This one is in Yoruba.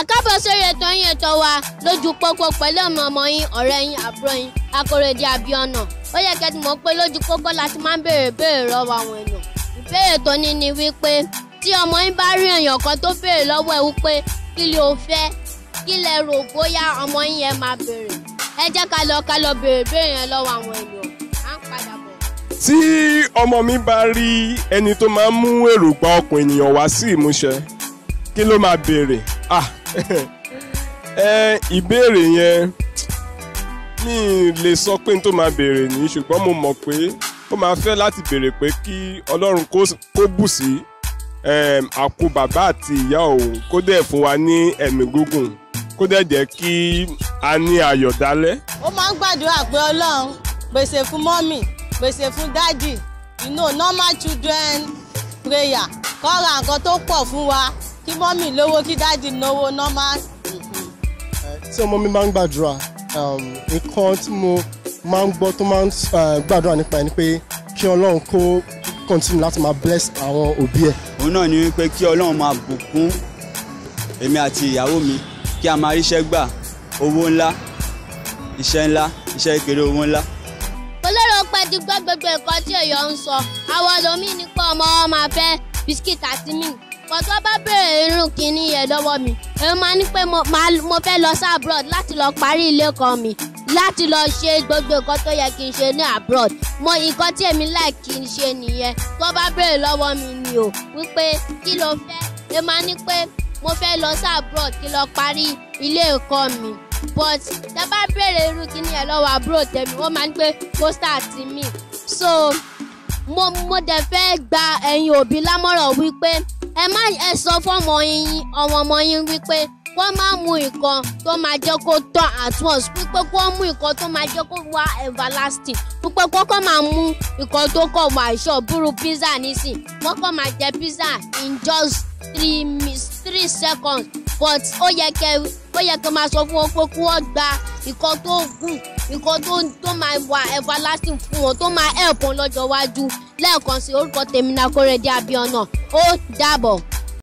ẹ káàbọ̀ sórí ètò yín ètò wa lójú pópó pẹ̀lú ọmọ ọmọ yín ọ̀rẹ́ yín àbúrò yín akóredé abiona ó yẹ kẹ́ ti mọ̀ pé lójú pópó láti máa ń béèrè béèrè lọ́wọ́ àwọn èèyàn ìbéèrè tó ní ni wípé tí ọmọ yín bá rí èèyàn kan tó béèrè lọ́wọ́ ẹ wípé kí ló fẹ́ kí lẹ rò bóyá ọmọ yín yẹn máa béèrè ẹ jẹ́ ká lọ ká lọ béèrè béèrè yẹn lọ́wọ́ àwọn èèyàn tí ọmọ mi bá rí ẹni tó máa ń mú èròǹgbà ọkàn ènìyàn wá sí ìmúṣẹ kí ló máa béèrè ah ẹ ìbéèrè yẹn mi lè sọ pé n tó máa béèrè ní ṣùgbọ́n mo mọ̀ pé ó máa fẹ́ láti béèrè pé kí ọlọ́run kó bù sí àkú bàbá àti ìyá òun kó dẹ̀ fún wa ní ẹ̀mí gígùn kó dẹ̀ jẹ́ kí a ní ayọ̀ dálẹ́. ó máa ń gbàdúrà pé ọlọ́run pèsè fún mọ́mì pèsè fún dádì you know normal children prayer kọ́ra nǹkan tó pọ̀ fún wa kí mọ́mì lówó kí dáàdì náwó normal. tí ọmọ mi máa ń gbàdúrà um, nǹkan tí mo máa ń gbọ́ tó máa ń uh, gbàdúrà nípa ẹni pé kí ọlọ́run kó continue láti máa bless àwọn òbí ẹ̀. òun náà ni wípé kí ọlọ́run máa bùkún èmi àti ìyàwó mi kí a máa ríṣẹ́ gbà owó ńlá iṣẹ́ ńlá iṣẹ́ kékeré owó ńlá. olóró pẹ́ ti gbọ́ gbogbo ẹ̀kọ́ tí èèyàn ń sọ àwọn ọ̀dọ́ mi ní ọmọ wọn bisikíìtì àti míì bọ̀ tó bá bèrè irun kìíní yẹn lọ́wọ́ mi èmi máa ní pé mo fẹ́ lọ sí abroad láti lọ parí ilé kan mi láti lọ ṣe gbogbo nǹkan tó yẹ kí n ṣe ní abroad mo nǹkan tí èmi láì kí n ṣe nìyẹn tó bá bèrè lọ́wọ́ mi ni o wípé kí ló fẹ́ èmi máa ní pé mo fẹ́ lọ sí abroad kí lọ parí ilé ẹ̀kọ́ mi but tá a bá bèrè irú kíní yẹn lọ́wọ́ abroad tẹ̀mí wọ́n máa ń gbé pósítà àti mi so mo mo dẹ̀ fẹ́ gba ẹ̀yin òbí lámọ̀ràn wípé ẹ má ẹ sọ fọmọ yín ọmọ ọmọ yín wípé wọ́n máa mú nǹkan tó máa jẹ́ kó tọ́ at once pípé kó mú nǹkan tó máa jẹ́ kó wá everlasting pípé kó kọ́ máa mú nǹkan tó kọ̀ wá ìṣọ̀ búrú pizza nísìn wọ́n kọ́ máa jẹ pizza in just three three seconds but ó yẹ kẹ ó yẹ kẹ máa sọ fún wọn pé kí wọ́n gba nǹkan tó gùn nǹkan tó máa wá everlasting fún wọn tó máa help wọn lọ́jọ́ iwájú lẹ́ẹ̀kan sí orúkọ tèmi ní Akọ́rẹ́dé Abíọ́nà ó dàbọ̀.